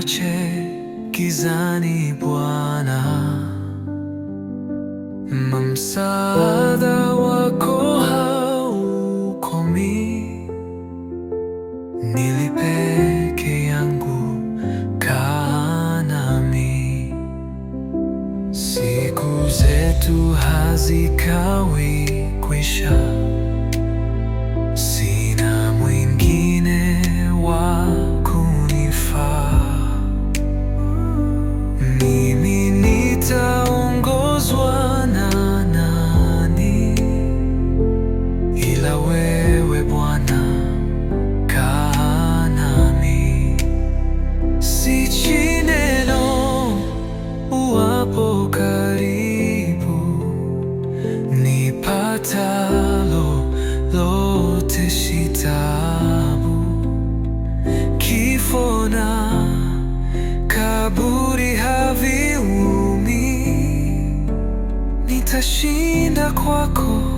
niache gizani Bwana, msaada wako haukomi, nilipeke yangu kaa nami, siku zetu hazikawi kwisha lote shitabu, kifo na kaburi haviumi, nitashinda kwako